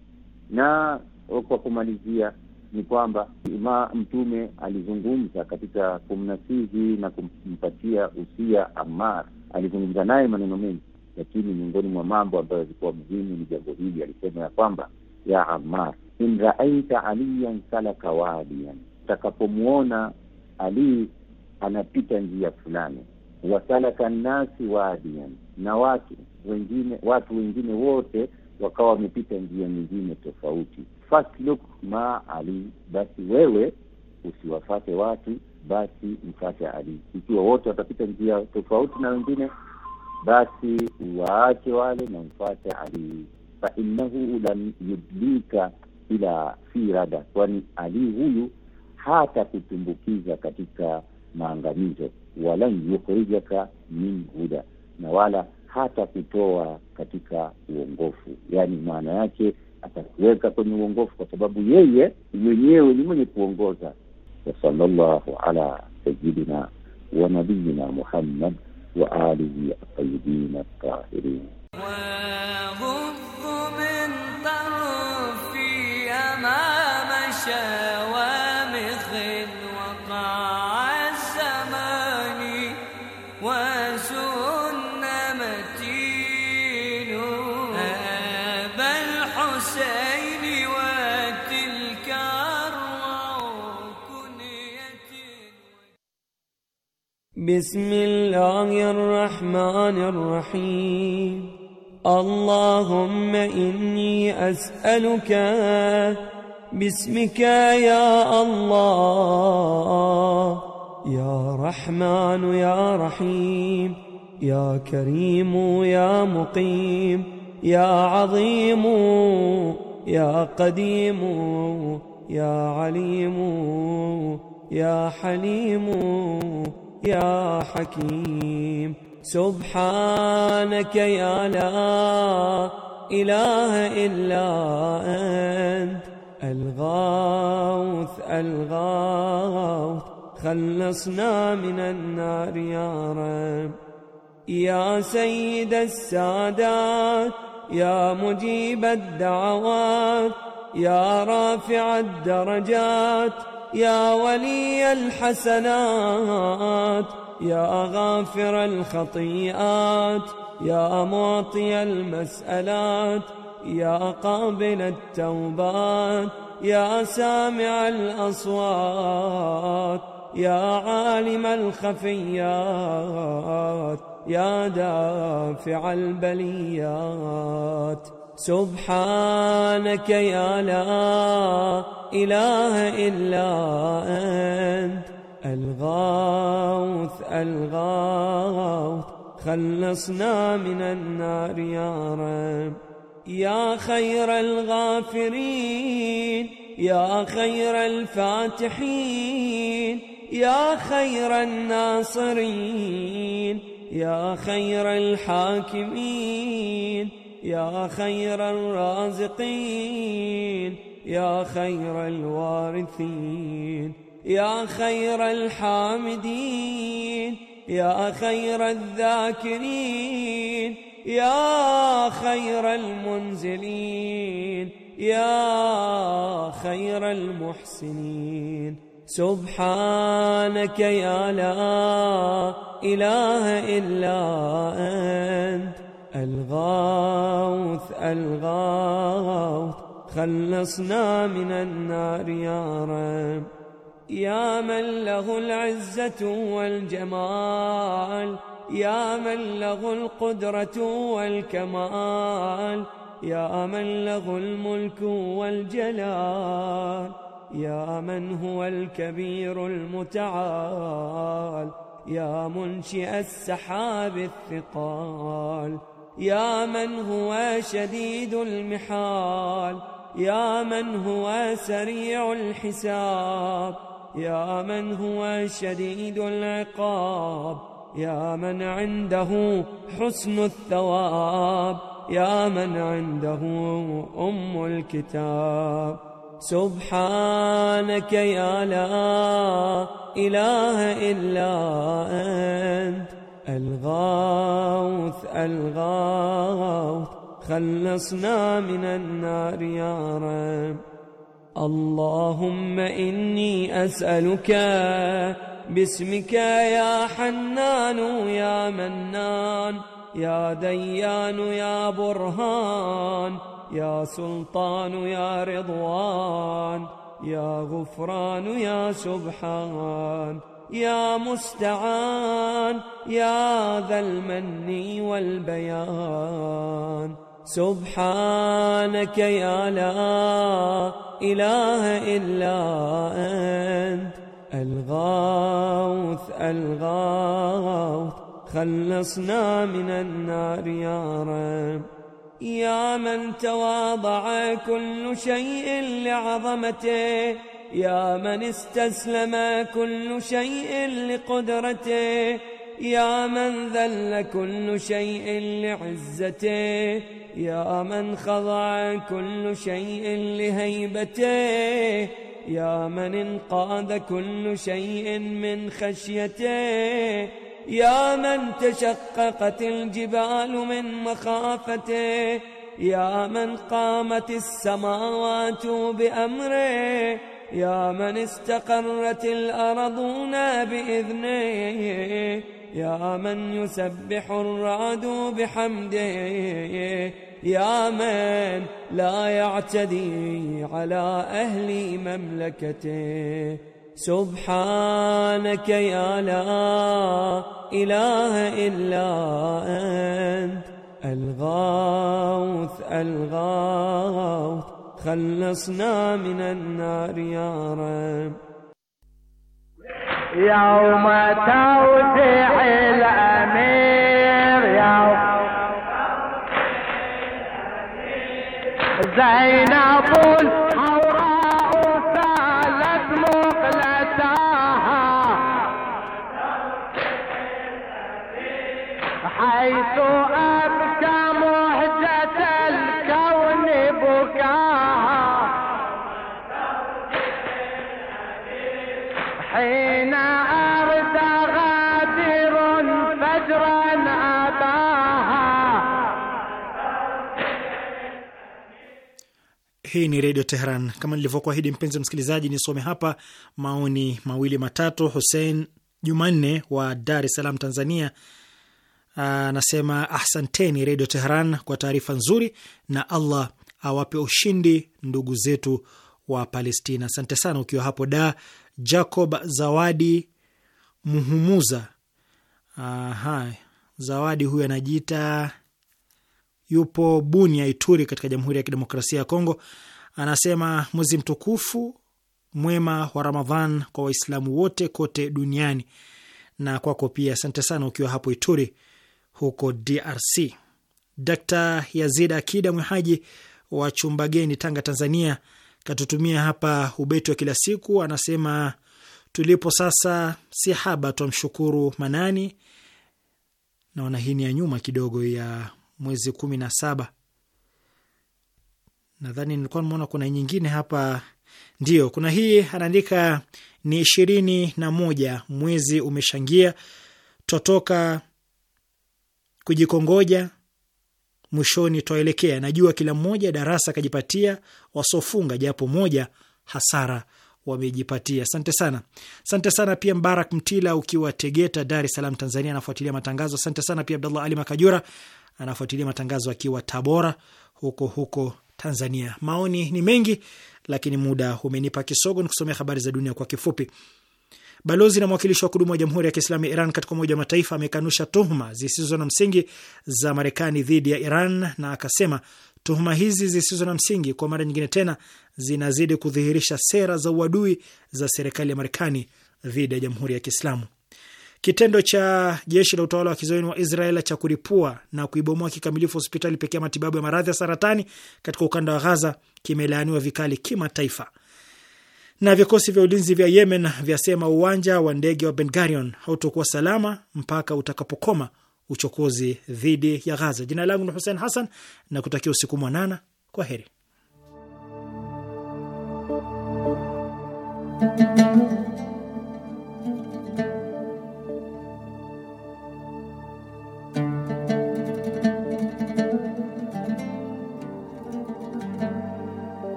Na kwa kumalizia, ni kwamba ima Mtume alizungumza katika kumnasihi na kumpatia usia Ammar, alizungumza naye maneno mengi, lakini miongoni mwa mambo ambayo yalikuwa muhimu ni jambo hili. Alisema ya kwamba ya Ammar, in raaita aliyan salaka wadian, utakapomwona Ali anapita njia fulani, wasalaka nnasi wadian, na watu wengine watu wengine wote wakawa wamepita njia nyingine tofauti first look ma Ali, basi wewe usiwafate watu, basi mfate Ali. Ikiwa wote watapita njia tofauti na wengine, basi waache wale na mfate Ali. Fa innahu lam yudlika ila fi rada, kwani Ali huyu hata kutumbukiza katika maangamizo, walan yukhrijaka min huda, na wala hata kutoa katika uongofu. Yani maana yake atatuweka kwenye uongofu kwa sababu yeye mwenyewe ni mwenye kuongoza wasallallahu ala sayidina wa nabiyina muhammad wa alihi atayibin atahirin وغض من طرفي أمام شاهد بسم الله الرحمن الرحيم اللهم إني أسألك باسمك يا الله يا رحمن يا رحيم يا كريم يا مقيم يا عظيم يا قديم يا عليم يا حليم يا حكيم سبحانك يا لا إله إلا أنت الغوث الغوث خلصنا من النار يا رب يا سيد السادات يا مجيب الدعوات يا رافع الدرجات يا ولي الحسنات يا غافر الخطيئات يا معطي المسألات يا قابل التوبات يا سامع الأصوات يا عالم الخفيات يا دافع البليات سبحانك يا لا إله إلا أنت الغوث الغوث خلصنا من النار يا رب يا خير الغافرين يا خير الفاتحين يا خير الناصرين يا خير الحاكمين يا خير الرازقين يا خير الوارثين يا خير الحامدين يا خير الذاكرين يا خير المنزلين يا خير المحسنين سبحانك يا لا إله إلا أنت الغوث الغوث خلصنا من النار يا رب يا من له العزة والجمال يا من له القدرة والكمال يا من له الملك والجلال يا من هو الكبير المتعال يا منشئ السحاب الثقال يا من هو شديد المحال يا من هو سريع الحساب يا من هو شديد العقاب يا من عنده حسن الثواب يا من عنده أم الكتاب سبحانك يا لا إله إلا أنت الغوث الغوث خلصنا من النار يا رب اللهم إني أسألك باسمك يا حنان يا منان يا ديان يا برهان يا سلطان يا رضوان يا غفران يا سبحان يا مستعان يا ذا المن والبيان سبحانك يا لا إله إلا أنت الغوث الغوث خلصنا من النار يا رب يا من تواضع كل شيء لعظمته يا من استسلم كل شيء لقدرته يا من ذل كل شيء لعزته يا من خضع كل شيء لهيبته يا من انقاد كل شيء من خشيته يا من تشققت الجبال من مخافته يا من قامت السماوات بأمره يا من استقرت الأرضون بإذنه يا من يسبح الرعد بحمده يا من لا يعتدي على أهل مملكته سبحانك يا لا إله إلا أنت الغوث الغوث خلصنا من النار يا رب يوم توزيع الأمير يوم الامير زينا Hii ni Redio Teheran. Kama nilivyokuahidi, mpenzi msikilizaji, nisome hapa maoni mawili matatu. Husein Jumanne wa Dar es Salaam, Tanzania, anasema asanteni Redio Teheran kwa taarifa nzuri, na Allah awape ushindi ndugu zetu wa Palestina. Asante sana ukiwa hapo Da. Jacob Zawadi Muhumuza, aha, Zawadi huyu anajiita yupo Bunia, Ituri, katika Jamhuri ya Kidemokrasia ya Kongo, anasema mwezi mtukufu mwema wa Ramadhan kwa Waislamu wote kote duniani na kwako pia. Asante sana ukiwa hapo Ituri huko DRC. Dr Yazid Akida Mwehaji wa Chumbageni, Tanga, Tanzania, katutumia hapa ubeti wa kila siku. Anasema tulipo sasa si haba, twamshukuru Manani. Naona hii ni ya nyuma kidogo ya mwezi kumi na saba. Nadhani nilikuwa nimeona kuna nyingine hapa, ndio kuna hii anaandika ni ishirini na moja, mwezi umeshangia, totoka kujikongoja mwishoni twaelekea. Najua kila mmoja darasa kajipatia, wasofunga japo moja hasara wamejipatia. Asante sana, asante sana pia Mbarak Mtila ukiwa Tegeta, Dar es Salaam, Tanzania, anafuatilia matangazo. Asante sana pia Abdallah Ali Makajura anafuatilia matangazo akiwa Tabora huko huko Tanzania. Maoni ni mengi, lakini muda umenipa kisogo. Ni kusomea habari za dunia kwa kifupi. Balozi na mwakilishi wa kudumu wa Jamhuri ya Kiislamu ya Iran katika Umoja wa Mataifa amekanusha tuhuma zisizo na msingi za Marekani dhidi ya Iran na akasema tuhuma hizi zisizo na msingi kwa mara nyingine tena zinazidi kudhihirisha sera za uadui za serikali ya Marekani dhidi ya Jamhuri ya Kiislamu Kitendo cha jeshi la utawala wa kizayuni wa Israel cha kulipua na kuibomoa kikamilifu hospitali pekee ya matibabu ya maradhi ya saratani katika ukanda wa Ghaza kimelaaniwa vikali kimataifa. Na vikosi vya ulinzi vya Yemen vyasema uwanja wa ndege wa Ben Gurion hautokuwa salama mpaka utakapokoma uchokozi dhidi ya Ghaza. Jina langu ni Hussein Hassan na kutakia usiku mwanana. Kwa heri.